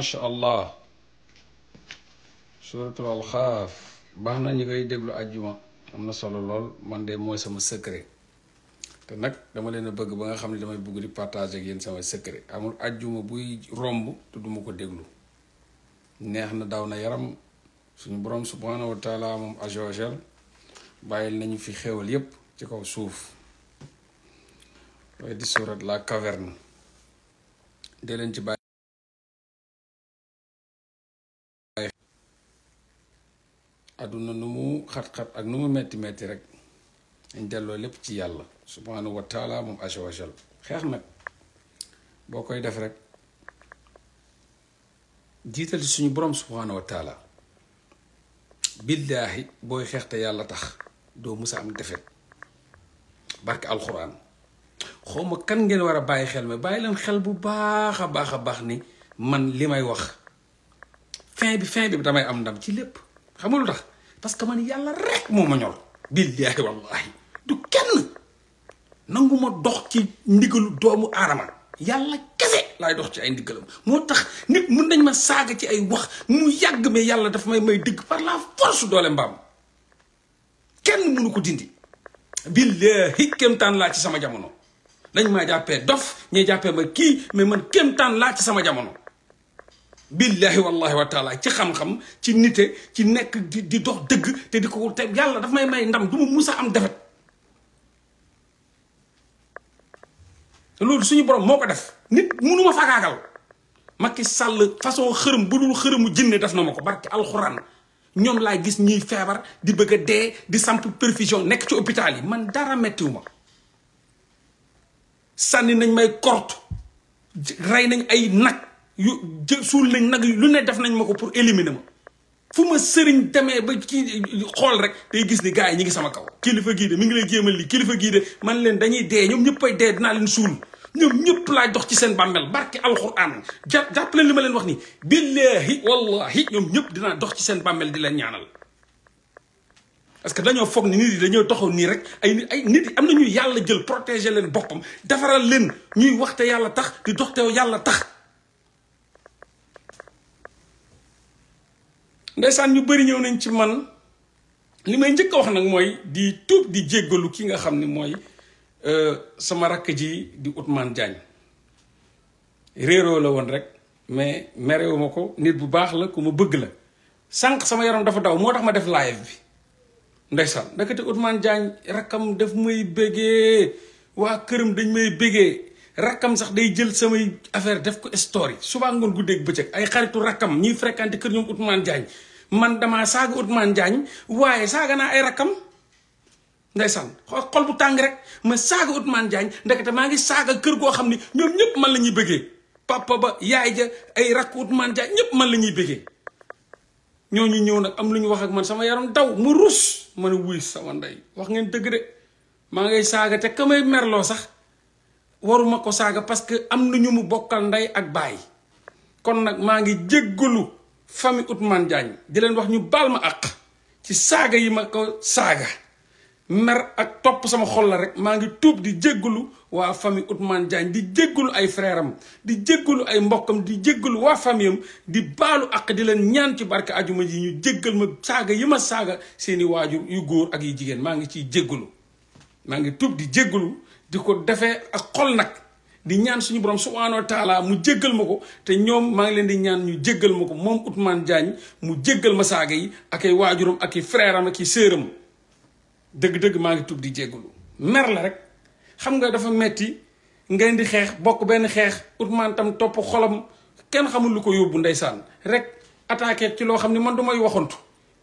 macha allah suratul alxaaf baax na ñu koy déglu àjjuma am na solo lool man de mooy sama secret te nag dama leen bëgg ba nga xam ne damay bugg di partager ak yéen sama secret amul àjjuma buy romb te duma ko déglu neex na daw na yaram suñu borom subhaanahu wa taala moom ajogel bàyyil nañu fi xéwal yépp ci kaw suuf looy di surat la caverne de leen ci bàyyi àdduna nu mu xat-xat ak nu mu metti metti rek dañ delloo lépp ci yàlla subhaanahu wa taala moom aja wajal xeex nag boo koy def rek jiital ci suñu borom subhaanahu wa taala billaahi booy xeex te yàlla tax doo musa am defet barke alxuraan ma kan ngeen war a bàyyi xel mais bàyyi leen xel bu baax a baax a baax ni man li may wax fin bi fin bi damay am ndam ci lépp xamul nga tax parce que man yàlla rek moo ma ñor billaahi wallaahi du kenn nanguma dox ci ndigalu doomu aadama yàlla kese laay dox ci ay ndigalam moo tax nit mun nañ ma saaga ci ay wax mu yàgg mais yàlla dafa may may dëgg par la force doole mbaam kenn mënu ko dindi billaahi kéemtaan laa ci sama jamono nañ maa jàppee dof ñee jàppee ma kii mais man kéemtaan laa ci sama jamono billahi wallahi wa ci xam-xam ci nite ci nekk di di dox dëgg te di ko te yàlla daf may may ndam du ma musa am defet loolu suñu borom moo ko def nit munu ma fakaagal Macky Sall façon xërëm bu dul xërëmu jinne def na ma ko barki alxuraan ñoom laay gis ñuy feebar di bëgg a dee di samp perfusion nekk ci hôpital yi man dara mettiwu ma sànni nañ may korte rey nañ ay nag yu jë suul nañ nag lu ne def nañ ma ko pour éliminer ma fu ma sëriñ demee ba ci xool rek tey gis ni gaa yi ñu ngi sama kaw kilifa gii de mi ngi lay jéemal li kilifa gii de man leen dañuy dee ñoom ñëppay dee dinaa leen suul ñoom ñëpp laa dox ci seen bàmmeel barke alxuraan ja jàpp leen li ma leen wax ni billahi wallahi ñoom ñëpp dinaa dox ci seen bàmmeel di leen ñaanal parce que dañoo foog ni nit yi dañoo taxaw nii rek ay ay nit am na ñuy yàlla jël protéger leen boppam defaral leen ñuy waxte yàlla tax di doxtew yàlla tax ndeysaan ñu bëri ñëw nañ ci man li may njëkk a wax nag mooy di tuub di jéggalu ki nga xam ni mooy euh, sama rakk ji di Ousmane Diagne réeroo la woon rek mais merewu ma ko nit bu baax la ku ma bëgg la sànq sama yaram dafa daw moo tax ma def live bi ndeysaan ndekete Ousmane Diagne rakkam daf may bëggee waa këram dañ may bëggee rakkam sax day jël samay affaire def ko story suba ngoon guddeeg bëccëg ay xaritu rakkam ñuy fréquenté kër ñoom Ousmane Diagne man damaa saaga Ousmane Diagne waaye saaga naa ay rakkam ndeysaan xol bu tàng rek ma saaga Ousmane Diagne ndekete maa ngi saaga kër goo xam ne ñoom ñëpp man la ñuy bëggee papa ba yaay ja ay rakk Ousmane Diagne ñëpp man la ñuy bëggee ñooñu ñëw nag am lu ñu wax ak man sama yaram daw mu ruus ma ne wuy sama ndey wax ngeen dëgg de maa ngay saaga te ka may merloo sax waruma ko saaga parce que am na ñu mu bokkal ndey ak baay kon nag maa ngi jéggalu famille Ousmane Diagne di leen wax ñu baal ma àq ci saaga yi ma ko saaga mer ak topp sama xol la rek maa ngi tuub di jéggalu waa famille Ousmane Diagne di jéggalu ay frère di jéggalu ay mbokkam di jéggalu waa famille am di baalu àq di leen ñaan ci barke ajuma yi ñu jéggal ma saaga yi ma saaga seeni waajur yu góor ak yi jigéen maa ngi ciy jéggalu maa ngi tuub di jéggalu di ko defee ak xol nag di ñaan suñu borom subhaanahu wa taala mu jéggal ma ko te ñoom maa ngi leen di ñaan ñu jéggal ma ko moom Ousmane Diagne mu jéggal ma saaga yi ak ay waajuram ak i frère am ak i sœuram dëgg-dëgg maa ngi tub di jéggalu mer la rek xam nga dafa metti nga leen di xeex bokk benn xeex Ousmane tam topp xolam kenn xamul lu ko yóbbu ndeysaan rek attaqué ci loo xam ne man du may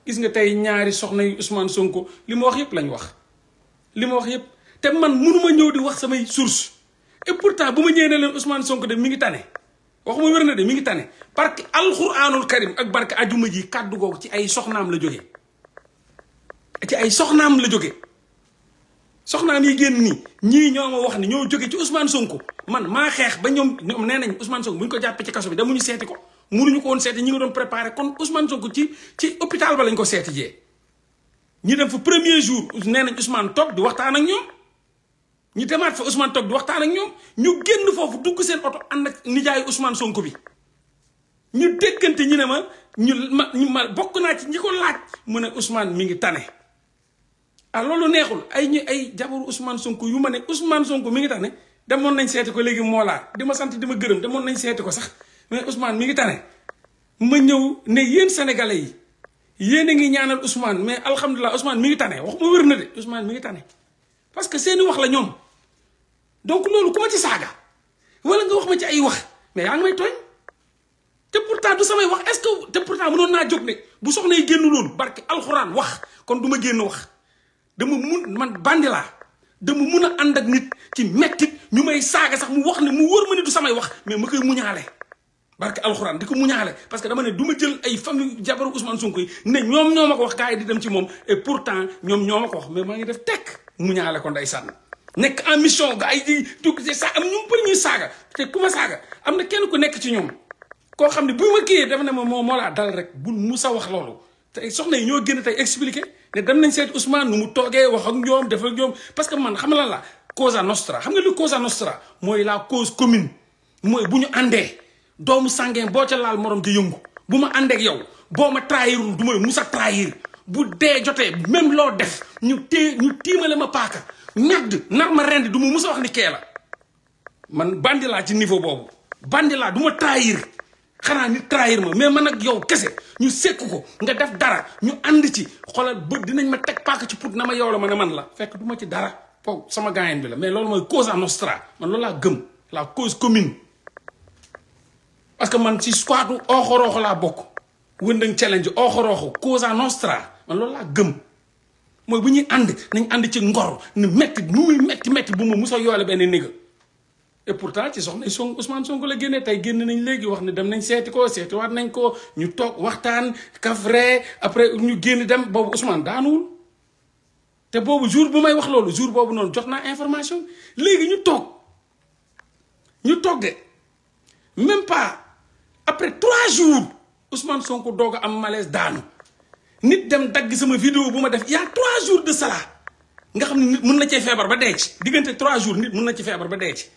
gis nga tey ñaari soxna yu Ousmane Sonko li ma wax yëpp lañ wax li ma wax yëpp te man mënuma ñëw di wax samay source et pourtant bu ma ñëwee ne leen Ousmane Sonko de mi ngi tane waxuma wér na de mi ngi tane parce que alxuraanul karim ak barke ajuma ji kàddu googu ci ay soxnaam la jógee ci ay soxnaam la jóge soxnaam yi génn nii ñii ñoo ma wax ni ñoo jóge ci Ousmane Sonko man maa xeex ba ñoom ñoom nee nañ Ousmane Sonko bu ñu ko jàppee ci kaso bi ñu seeti ko mënuñu ko woon seeti ñi ngi doon préparé kon Ousmane Sonko ci ci hôpital ba lañ ko seeti jee ñi dem fa premier jour nee nañ Ousmane toog di waxtaan ak ñoom. ñu demaat fa Ousmane toog di waxtaan ak ñoom ñu génn foofu dugg seen oto ànd ak nijaayu Ousmane Sonko bi ñu déggante ñu ne ma ñu ma ma bokk naa ci ñi ko laaj mu ne Ousmane mi ngi tane. ah loolu neexul ay ñu ay jabaru Ousmane Sonko yu ma ne Ousmane mi ngi tane demoon nañ seeti ko léegi moo laa ma sant di gërëm demoon nañ seeti ko sax mais Ousmane mi ngi tane ma ñëw ne yéen sénégalais yi. yéen a ngi ñaanal Ousmane mais alhamdulilah Ousmane mi ngi tane wax ma wér na de Ousmane mi ngi tane parce que seeni wax la ñoom. donc loolu ma ci saaga wala nga wax ma ci ay wax mais yaa ngi may tooñ te pourtant du samay wax est-ce que te pourtant mënoon naa jóg ne bu soxna yi génn loolu barke alxuraan wax kon du ma génn wax dama mun man bandi laa dama mun a ànd ak nit ci mettit ñu may saaga sax mu wax ne mu wër ma ne du wax mais ma koy muñaale barke alxuraan di ko muñaale parce que dama du ma jël ay famille jabaru Ousmane Sonko yi ne ñoom ñoo ma ko wax kaa yi di dem ci moom et pourtant ñoom ñoo ma ko wax mais maa ngi def tekk muñaale day ndeysaan nekk en mission ay dugg ci sa am ñu bëri ñuy saaga te ku ma saaga am na kenn ku nekk ci ñoom koo xam ne bu ma kiiyee def ne moom moo moo laa dal rek bu musa wax loolu te soxna yi ñoo génn tey expliqué ne dem nañ seet Ousmane nu mu toogee wax ak ñoom def ak parce que man xam nga lan la Cosa Nostra xam nga lu Cosa mooy la cause commune mooy bu ñu àndee doomu sàngeen boo ca laal morom di yëngu bu ma àndeek yow boo ma trahirul du ma may musa trahir bu dee jotee même loo def ñu té ñu tiimale ma paaka ñadd nar ma rend du ma mus a wax ni kee la man bandi ci niveau boobu bandi laa du ma trahir xanaa nit trahir ma mais man nag yow kese ñu sekk ko nga def dara ñu ànd ci xoolal bët dinañ ma teg paaka ci put na ma yow la ma ne man la fekk du ma ci dara foofu sama gaayen bi la mais loolu mooy causa nostra man loolu laa gëm la cause commune parce que man ci squatu ooxorooxo laa bokk wëndëng challenge ooxorooxo causa nostra man loolu laa gëm mooy bu ñuy ànd nañ ànd ci ngor nu metti nu muy metti metti bu ma musa yoole benn néga et pourtant ci soxna son Ousmane Sonko la génnee tey génn nañ léegi wax ne dem nañ seeti ko seeti waat nañ ko ñu toog waxtaan kafre après ñu génn dem boobu Ousmane daanuwul te boobu jour bu may wax loolu jour boobu noonu jox naa information léegi ñu toog ñu toog de même pas après trois jours Ousmane Sonko doog a am malaise daanu nit dem dagg sama vidéo bu ma def y'a trois jours de cela nga xam ne mun na cee feebar ba dee ci diggante trois jours nit mun na ci feebar ba dee ci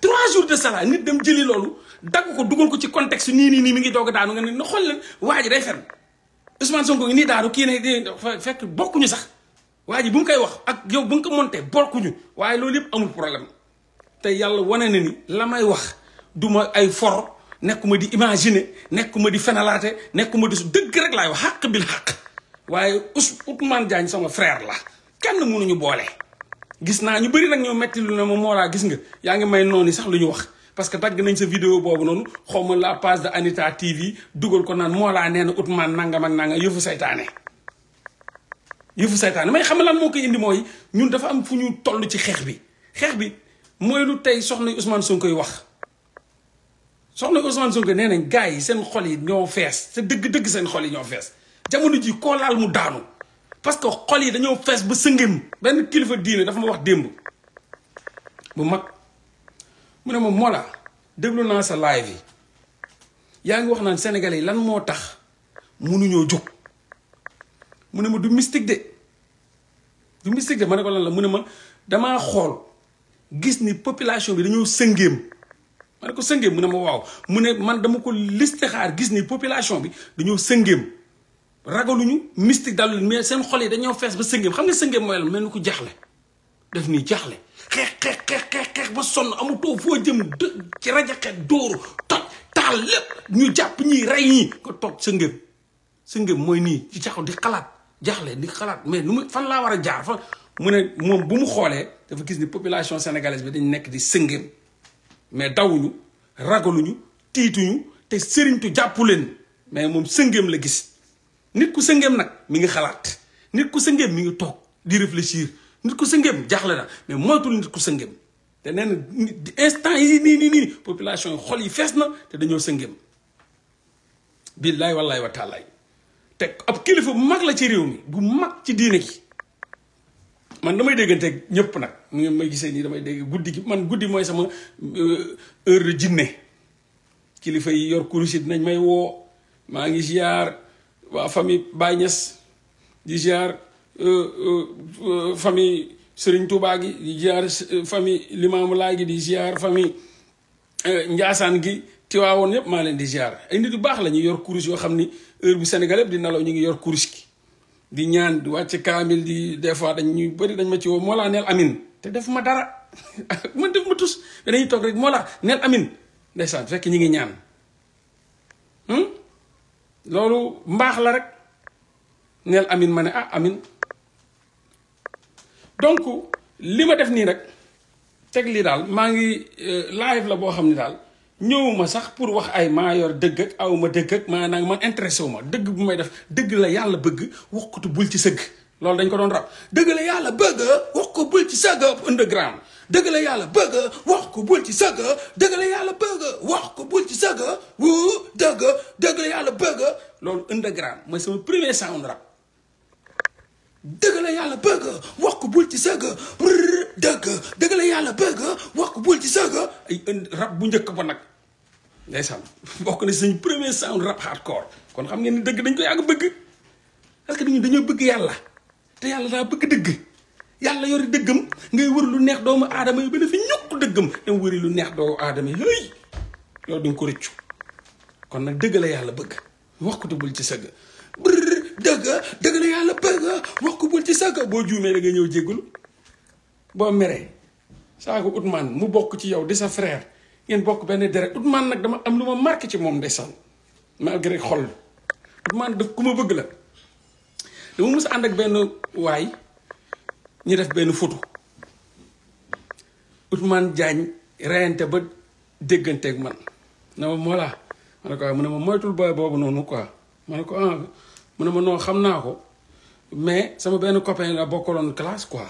trois jours de cela nit dem jëli loolu dagg ko dugal ko ci contexte nii nii nii mi ngi doog daanu nga ne na xool leen waa ji day fen Ousmane Sonko ngi nii daanu kii ne fekk bokkuñu sax waa ji bu mu koy wax ak yow bu nga ko monté bokkuñu waaye loolu yëpp amul problème te yàlla wane na ni la may wax duma ay for nekkuma di imaginer nekkuma di fenalaate nekkuma di su dëgg rek laay wax xàq bil xàq waaye Ous Ousmane Diagne sama frère la kenn ñu boole. gis naa ñu bëri nag ñoo metti lu ne ma Mollah gis nga yaa ngi may yi sax lu ñu wax parce que dagg nañ sa vidéo boobu noonu xaw ma la page de Anita TV dugal ko naan Mollah nee na Ousmane nangam ak nangam yëfu seytaane yëfu saytaane may xam lan moo koy indi mooy ñun dafa am fu ñu toll ci xeex bi xeex bi mooy lu tey soxna Ousmane Sonko koy wax. soxla soxna Ousmane Sonko nee nañ gars yi seen xol yi ñoo fees te dëgg-dëgg seen xol yi ñoo fees jamono ji koo laal mu daanu parce que xol yi dañoo fees ba sëngéem benn kilifa diine dafa ma wax démb bu mag mu ne ma mola déglu naa sa live yi yaa ngi wax naan sénégalais yi lan moo tax mënuñoo jóg mu ne ma du mystique de du mystique de ma ne ko lan la mu ne ma damaa xool gis ni population bi dañoo sëngéem ma ne ko sëngéem mu ne ma waaw mu ne man dama ko listixaar gis ni population bi dañoo sëngéem ragaluñu mystique dalul mais seen xol yi dañoo fees ba sëngéem xam nga sëngéem mooy lan mel ko jaaxle def nii jaaxle xeex xeex xeex xeex ba sonn amutoo foo jëm ci rajo xeet dóoru toj taal lépp ñu jàpp ñii rey ñii nga toog sëngéem sëngéem mooy nii ci jaxaw di xalaat jaaxle di xalaat mais nu mu fan laa war a jaar fa mu ne moom bu mu xoolee dafa gis ni population sénégalaise bi dañu nekk di sëngéem mais dawuñu ragaluñu tiituñu te sëriñtu jàppu leen mais moom sëngeem la gis nit ku sëngeem nag mi ngi xalaat nit ku sëngeem mi ngi toog di réfléchir nit ku sëngeem jaaxle na mais moytul nit ku sëngeem te nee na instant yi nii nii nii population yi xol yi fees na te dañoo sëngeem billaay wallaay wa taalaay te ab kilifa bu mag la ci réew mi bu mag ci diine gi man damay déggante ñëpp nag mu ngeen may gisee nii damay dégg guddi gi man guddi mooy sama euh, heure de jinne kilifa yi yor kurus yi dinañ may woo maa ngi ziar waa famille Baye Niass di ziar euh, euh, famille sëriñ Touba gi di ziar famille Limaamu Laay gi di ziar famille Njaasaan gi Tiwaawoon yëpp maa leen di ziar ay nit baax la ñuy yor kurus yoo xam ni heure bu Sénégal yëpp di nelaw ñu ngi yor kurus gi di ñaan di wàcc kaamil di des fois dañ ñu bëri dañ ma ci woo moo laa neel amin te def ma dara man def ma tus dañuy rek moo laa neel amin ndeysaan fekk ñi ngi ñaan hmm? loolu mbaax la rek neel amin ma ne ah amin donc li ma def nii rek teg lii daal maa ngi euh, live la boo xam ne daal ñëwuma sax pour wax ay maa yor dëgg ak aw ma dëgg maa nag man intéressé wu ma dëgg bu may def dëgg la yàlla bëgg waxtu bul ci sëgg loolu dañ ko doon rab dëgg la yàlla bëgg wax ko bul ci saga underground dëgg la yàlla bëgg wax ko bul ci saga dëgg la yàlla bëgg wax ko bul ci saga wu dëgg dëgg la yàlla bëgg loolu underground mooy sama premier sound dëgg la yàlla bëgg wax ko bul ci saga dëgg dëgg la yàlla bëgg wax ko bul ci saga rab bu njëkk ba nag ndeysaan bokk na suñu premier sound rab hardcore kon xam ngeen ni dëgg dañ ko yàgg bëgg parce que dañoo bëgg yàlla te yàlla daa bëgg dëgg yàlla yor dëggam ngay wër lu neex doomu aadama yi ba fi ñukk dëggam dem wëri lu neex doomu aadama yi hey yow duñ ko rëccu kon nag dëgg la yàlla bëgg wax ko te bul ci sëgg brr yàlla bëgg wax ci sëgg boo juumee da nga ñëw jéggul boo meree saaga Ousmane mu bokk ci yow di sa frère ngeen bokk benn deret Ousmane nag dama am lu ma marqué ci moom ndeysaan malgré xol Ousmane daf ku ma bëgg la dama mës ànd ak benn waay ñu def benn photo Ousmane jaañ reyante ba dégganteeg man na ma moolaa ma ne ko ah, mu ne ma moytul booy boobu noonu quoi ma ko ah mu ne ma non xam naa ko mais sama benn copain la bokkaloon classe quoi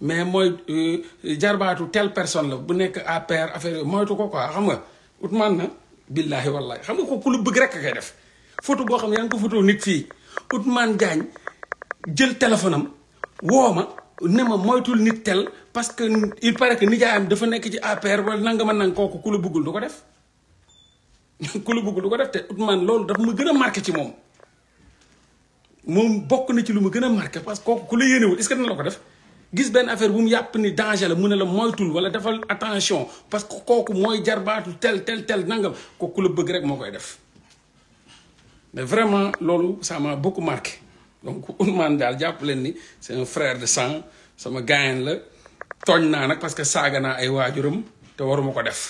mais mooy euh, jarbaatu telle personne la bu nekk APR affaire moytu ko quoi xam nga Ousmane na billaahi wallaahi xam nga ko ku lu bëgg rek a koy def photo boo xam ne yaa ngi ko photo nit fii Ousmane Diagne jël téléphone am woo ma ne ma moytul nit tel parce que il paraît que nijaayam dafa nekk ci APR wala nanga ma nang kooku ku la bëggul du ko def ku la bëggul du ko def te Ousmane loolu dafa ma gën a marqué ci moom moom bokk na ci lu ma gën a marqué parce que kooku ku la yéenewul est-ce que dina ko def gis benn affaire bu mu yàpp ni danger la mu ne la moytul wala defal attention parce que kooku mooy jarbaatu tel tel tel nangam kooku ku la bëgg rek moo koy def mais vraiment loolu ça m'a beaucoup donc Ousmane daal jàpp leen ni c'est un de sang sama gaayen la tooñ naa nag parce que saaga naa ay waajuram te waruma ko def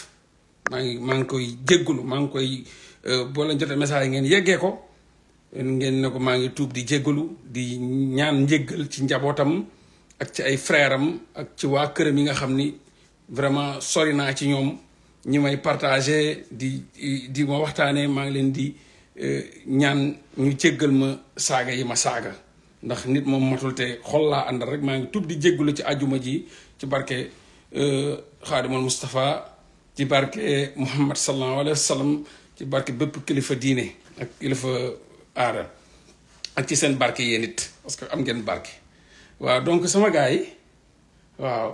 maa ngi maa ngi koy jéggulu maa ngi koy euh, boo leen jotee message ngeen yeggee ko ngeen ne ko maa ngi tuub di jéggulu di ñaan njéggal ci njabootam ak ci ay frère ak ci waa këram yi nga xam ni vraiment sori naa ci ñoom ñi may partagé di di ma waxtaanee maa ngi leen di Eh, ñaan ñu jéggal ma saaga yi ma saaga ndax nit moom matul te xol laa àndal rek maa ngi tub di jéggalu ci àjjuma ji ci barke eh, xaadimal Moustapha ci barke Muhammad sallallahu alayhi wa sallam ci barke bépp kilifa diine ak kilifa aada ak ci seen barke yéen parce que am ngeen barke. waaw donc sama gars yi waaw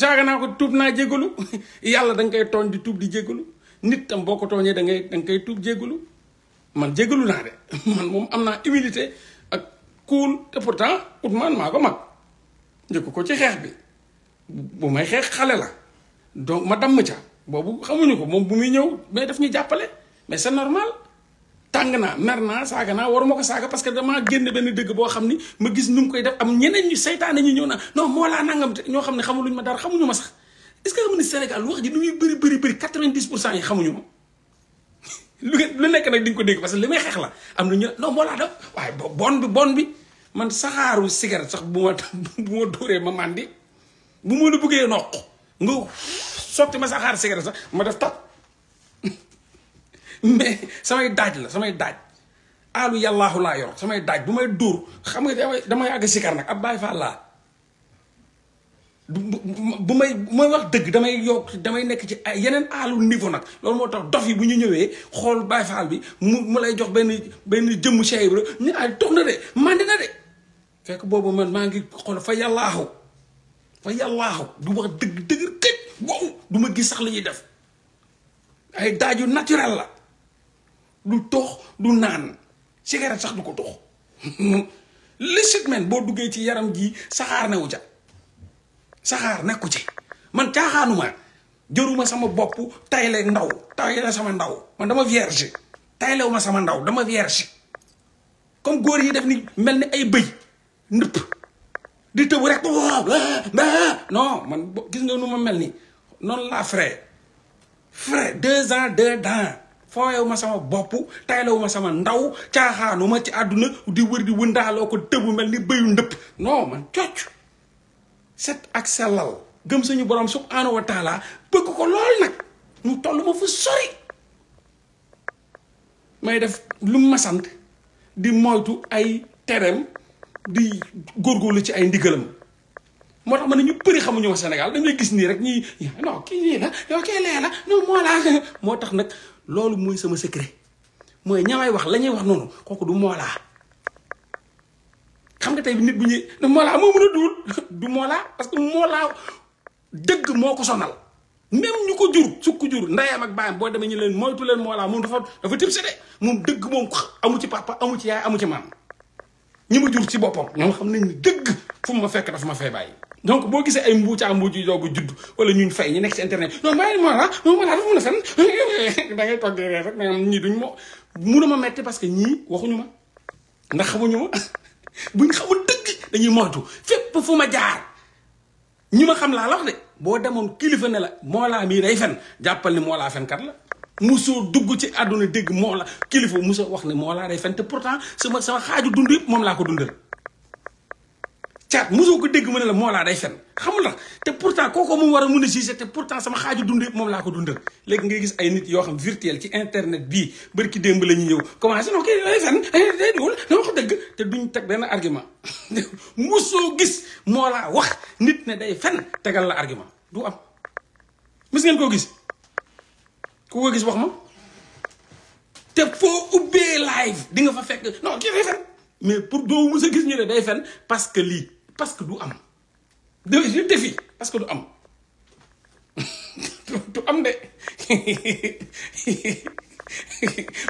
saaga naa ko tuub naa jéggalu yàlla da koy tooñ di tuub di jéggalu nit tam boo ko tooñee da ngay da koy tuub jéggalu. man jégalu naa de man moom am naa humilité ak kuul te pourtant Ousmane maa ko mag njëkk ko ci xeex bi bu may xeex xale la donc ma damm ca boobu xamuñu ko moom bu muy ñëw mais daf ñu jàppale mais c'est normal tàng naa mer naa saaga naa waruma ko saaga parce que damaa génn benn dëgg boo xam ni ma gis nu mu koy def am ñeneen ñu seytaane ñu ñëw naa non moo laa nangam te ñoo xam ne xamuluñ ma dara xamuñu ma sax est-ce que xam ne Sénégal wax ji nu muy bëri lu lu nekk nag di nga ko dégg parce que li may xeex la am na ñu non moo laa def waaye bon bi bon bi man saxaaru cigarette sax bu ma bu ma dóoree ma màndi bu ma la bëggee noq nga sotti ma saxaar cigarette sax ma def tap mais samay daaj la samay daaj aalu yàllaahu laa yor samay daaj bu may dóor xam nga damay damay àgg sikar nag ab bàyyi faa laa bu may mooy wax dëgg damay yokk damay nekk ci ay yeneen aalu niveau nag loolu moo tax dof yi bu ñu ñëwee xool Baay Faal bi mu mu lay jox benn benn jëmm Cheikh Ibra ñu ay dox na fekk boobu man maa ngi xool fa yàllaaxu fa yàllaaxu du wax dëgg dëgg këj du ma gis sax li ñuy def ay daaju naturel la du tox du naan cigarette sax du ko tox licite men boo duggee ci yaram ji saxaar newu ca saxaar nekku ci man caaxaanuma jëruma sama bopp tayle ndaw tayle sama ndaw man dama vierge taylewuma sama ndaw dama vierge comme góor yi def ni mel ni ay bëy ndëpp di tëb oh, ah, ah, ah. man gis nga nu ma mel ni noonu laa frais frais deux ans deux dents fooyewuma sama bopp taylewuma sama ndaw caaxaanuma ci àdduna di wër di daaloo ko tëbu mel ni bëyu ndëpp non man cocc set ak sellal gëm suñu borom subhaanahu wa taala bëgg ko lool nag mu toll ma fu sori may def lu ma sant di moytu ay tereem di góor góorgóorlu ci ay ndigalam moo tax ma ne ñu bëri xamuñu ma Sénégal dañ lay gis nii rek ñi non kii lii la yow kii lee la non moo tax nag loolu mooy sama secret mooy ñamay wax la ñuy wax noonu kooku du moolaa xam nga tey nit bu ñuy ne Mollah moo a duul du Mollah parce dëgg moo ko sonal même ñu ko jur su ko jur ndeyam ak baayam boo demee ñu leen moytu leen Mollah moom dafa dafa tibsé de moom dëgg moom amu ci papa amu ci yaay amu ci maam ñi ma jur ci boppam ñoom xam nañ ni dëgg fu mu ma fekk daf ma fee bàyyi. donc boo gisee ay mbuucaa mbuuc yu doog a judd wala ñuñ fay ñu nekk ci internet non bàyyi moom Mollah dafa mën a fen da ngay toog di rek ñii duñ ma mun a ma metti parce que ñii waxuñu ma ndax xamuñu ma. buñ xamul dëgg dañuy moytu fépp fu ma jaar ñi ma xam laa lax wax de boo demoon kilifa ne la moolaa mii rey fen jàppal ni moolaa fenkat la musoo dugg ci àdduna dégg la kilifa musoo wax ne moolaa day fen te pourtant sama sama xaaju dund yëpp moom laa ko dundal caat mosoo ko dégg mu ne la moo laa day fen xamul la te pourtant kooku moom war a mun a siise te pourtant sama xaaju dund yëpp moom laa ko dundal léegi ngay gis ay nit yoo xam virtuel ci internet bii bërki démb la ñu ñëw commencé non kii day eh, dëgg te duñ teg benn argument mosoo gis moo wax nit ne day fen tegal la argument du am ngeen koo gis ko gis wax ma te foo ubbee di nga fa fekk non kii day fen mais pour doo mus gis ñu ne day fen parce que lii parce que du am de parce que du am du am de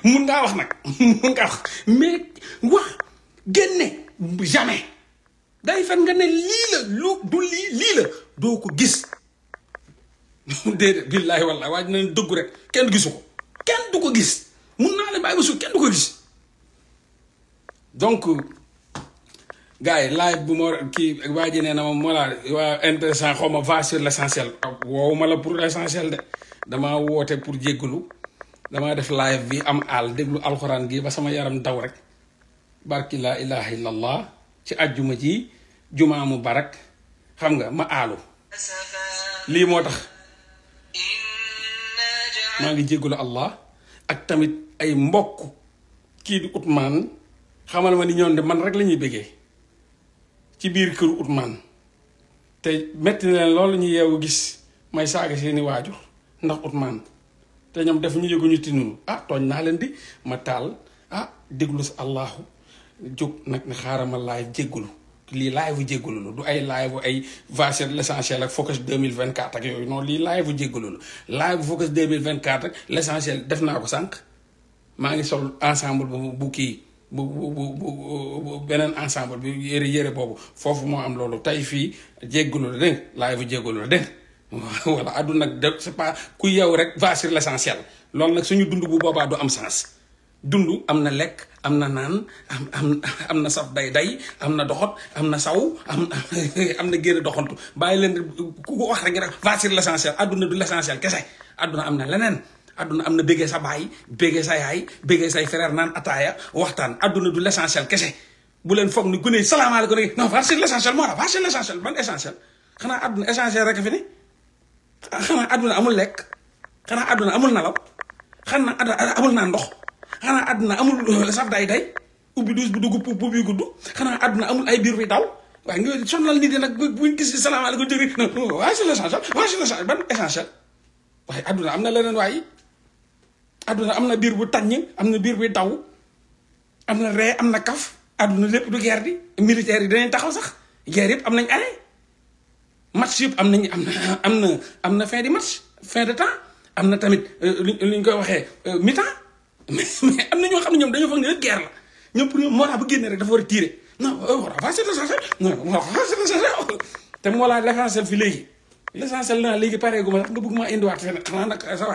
mun ngaa wax nag mun ngaa wax mais wax génne jamais day fen nga lii la du lii lii la doo ko gis déedéet billaahi wallaahi waaye dina dëggu rek kenn gisu ko kenn du ko gis mun naa la bàyyi ba suuf kenn du ko gis donc gars yi live bu ma kii waa ji nee na ma Mollah waa intéressant xaw ma va sur l' essentiel woowu ma la pour l' essentiel de damaa woote pour jéggalu damaa def live bi am àll déglu alxuraan gi ba sama yaram daw rek barki laa ilaha illallah ci àjjuma ji jumaa mu barak xam nga ma aalu lii moo tax maa ngi jéggalu allah ak tamit ay mbokk kii di Ousmane xamal ma ni ñoom de man rek la ñuy bëggee ci biir kër Ousmane te metti na leen loolu ñu yeewu gis may saaga seeni waajur ndax Ousmane te ñoom def ñu yëguñu tinunu ah tooñ naa leen di ma taal ah déglu si allahu jóg nag ne xaaral ma laay jéggulu lii laay bu jéggalu la du ay laay bu ay vache l'essentiel ak focus 2024 ak yooyu noonu lii laay bu jéggalu la laay bu focus 2024 ak l'essentiel def naa ko sànq maa ngi sol ensemble bu bu kii bu bu bu beneen ensemble bi yére yére boobu foofu moo am loolu tey fii jéggalu la dégg laay bu jéggalu la dégg voilà àdduna nag de c'est pas ku yow rek va sur l'essentiel loolu nag suñu dund bu boobaa du am sens dund am na lekk am na naan am na saf day day am na doxot am na saw am na gére doxantu bàyyi leen ku wax rek rek va sur l'essentiel àdduna du l'essentiel kese àdduna am na leneen àdduna am na béggee sa baay béggee sa yaay béggee say frère naan ataaya waxtaan adduna du l'essentiel kese bu leen foog ni gune salaamaaleykum rek non va c'est l'essentiel moo va c'est l'essentiel ban essentiel xanaa àdduna essentiel rek fi ne ah, xanaa àdduna amul lekk xanaa àdduna amul nalaw xanaa àdduna amul ndox xanaa àdduna amul saf day day ubbi duus bu dugub bu bi xanaa àdduna amul ay biir bi daw waaye nga sonnal nit gis salaamaaleykum jógee non waa c'est ban essentiel waaye àdduna am na leneen waaye àdduna am na biir bu tàññ am na biir buy daw am na ree am na kaf àdduna lépp du guerre di militaire yi danañ taxaw sax guerre yëpp am nañ arrêt match yëpp am nañ am na am na am na fin de match fin de temps am na tamit lu ñu koy waxee mi-temps am na ñoo xam ne ñoom dañoo foog ne rek guerre la ñoom pour ñoom Mollah bu génnee rek dafa war a tirer non war a a avancer fi léegi l'essentiel naa léegi pareegu ma nga bëgg maa indiwaat fenn xanaa nag sa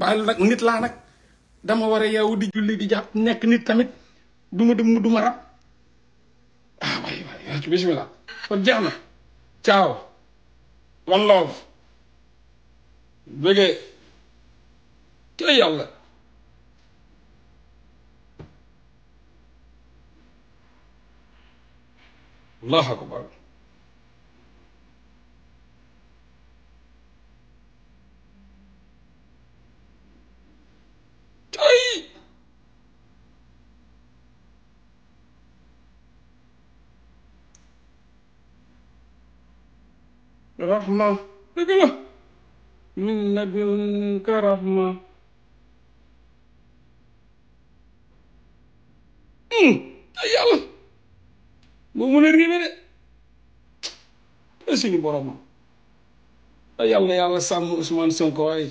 baal nag nit laa nag dama war a yow di julli di jàpp nekk nit tamit du ma dem du ma rab ah waay waay bismillah kon jeex na ciao one love rahma dëgg la min ladunka rahma hmm, ay yàlla boo mën a riime de suñu borom ay yàlla yàlla sàmm Ousmane Sonko waay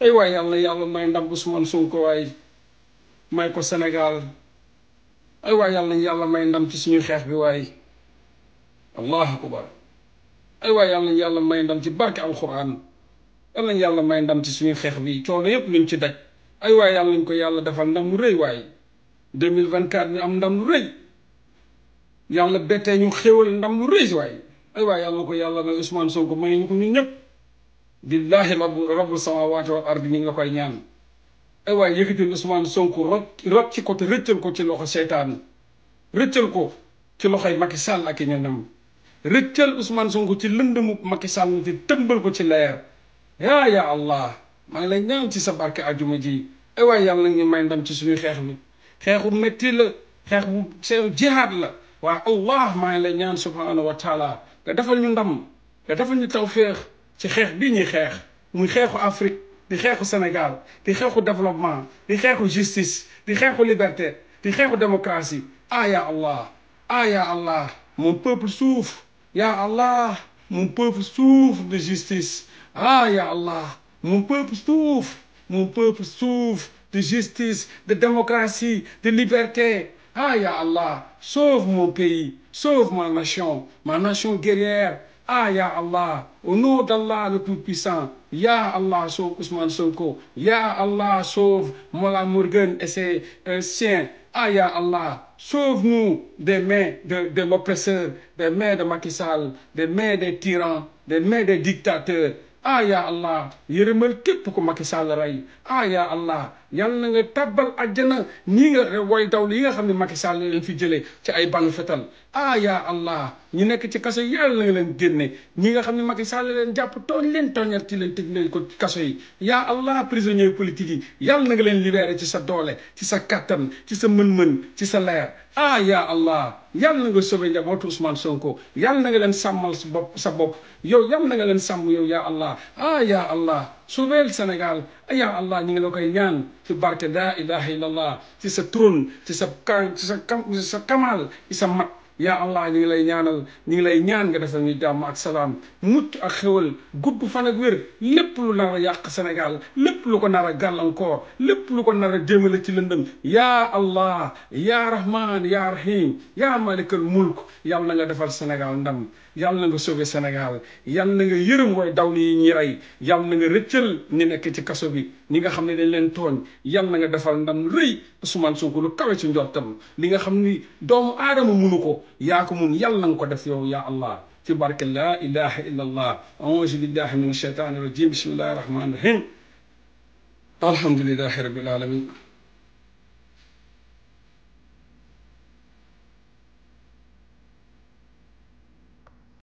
ay waay yàlla yàlla may ndam Ousmane Sonko waay may ko Sénégal ay waay yàlla yàlla may ndam ci xeex bi waay allahu akbar ay waay yàlla nañ yàlla may ndam ci barke alxuraan yàlla nañ yàlla may ndam ci suñu xeex bi coono yëpp luñ ci daj ay waay yàlla nañ ko yàlla defal ndam lu rëy waay 2024 ñu am ndam lu rëy yàlla bettee ñu xéwal ndam lu rëy waay ay waay yàlla ko yàlla na Ousmane Sonko may ñu ko ñun ñëpp billaahi rabu rabu samawaati wal ardi ñu ngi la koy ñaan ay waay yëkkatil Ousmane Sonko rot rot ci côté rëccal ko ci loxo seytaan rëccal ko ci loxoy Macky Sall ak i ñenam rëccal Ousmane songo ci lëndëmu Macky Sall te tëmbal ko ci leer yaa ya allah maa ngi lay ñaan ci sa barke ajuma ji ay waay yàlla na ñu may ci suñu xeex mi xeexu métti la xeex bu seen jihaad la waaye allah maa ngi lay ñaan subhanahu wa taala nga defal ñu ndam nga defal ñu tawféex ci xeex bii ñuy xeex muy xeexu Afrique di xeexu Sénégal di xeexu développement di xeexu justice di xeexu liberté di xeexu démocratie ah ya allah ah ya allah mon peuple souffre Ya Allah, mon peuple souffre de justice. Ah, Ya Allah, mon peuple souffre. de justice, de démocratie, de liberté. Ah, Ya Allah, sauve mon pays, sauve ma nation, ma nation guerrière. Ah, Ya Allah, au nom d'Allah le Tout-Puissant, Ya Allah, sauve Ousmane Sonko. Ya Allah, sauve Mola Morgan et euh, Ah ya Allah, sauve-nous des mains de, de l'oppresseur, des mains de Macky de des mains des tyrans, des mains des dictateurs. Ah ya Allah, yërëmal képp ku Macky Sall rey. Ah ya Allah. yal na nga tabbal àjjana ñi nga way daw yi nga xam ne Macky Sall leen fi jëlee ci ay ban fetal ah yaa allah ñi nekk ci kaso yi yal na leen génne ñi nga xam ne Macky Sall leen jàpp tooñ leen tooñal ci leen tëj leen ko kaso yi yaa allah prisonniers politiques yi yal na nga leen libéré ci sa doole ci sa kattan ci sa mën-mën ci sa leer ah yaa allah yal na sobe sauvé njabootu Ousmane Sonko yal na nga leen sàmmal sa bopp sa bopp yow yal na nga leen sàmm yow yaa allah ah yaa allah suufeel Sénégal ayaa allah ñu ngi la koy ñaan ci barke laa ilaha illallah ci sa trône ci sa kan ci sa kam ci sa kamaal ci sa mat yaa allah ñu ngi lay ñaanal ñu ngi lay ñaan nga defal ñu jàmm ak salaam mucc ak xéwal gudd fan ak wér lépp lu nar a yàq Sénégal lépp lu ko nar a gàllankoor lépp lu ko nar a jéemale ci lëndëm yaa allah yaa rahman yaa rahim yaa malikal mulk yàlla na nga defal Sénégal ndam yal na nga sauver Sénégal yal na nga yërëm way daw ni ñi rey yal na nga rëccal ñi nekk ci kaso bi ñi nga xam ne dañ leen tooñ yal na nga defal ndam rëy Ousmane Sonko lu kawe ci njottam li nga xam ni doomu aadama munu ko yaa ko mun yal na nga ko def yow yaa Allah ci barke laa ilaha illa allah auzu billahi min asheytaani rajim bismillahi rahmaani rahim alhamdulilahi rabbil alamin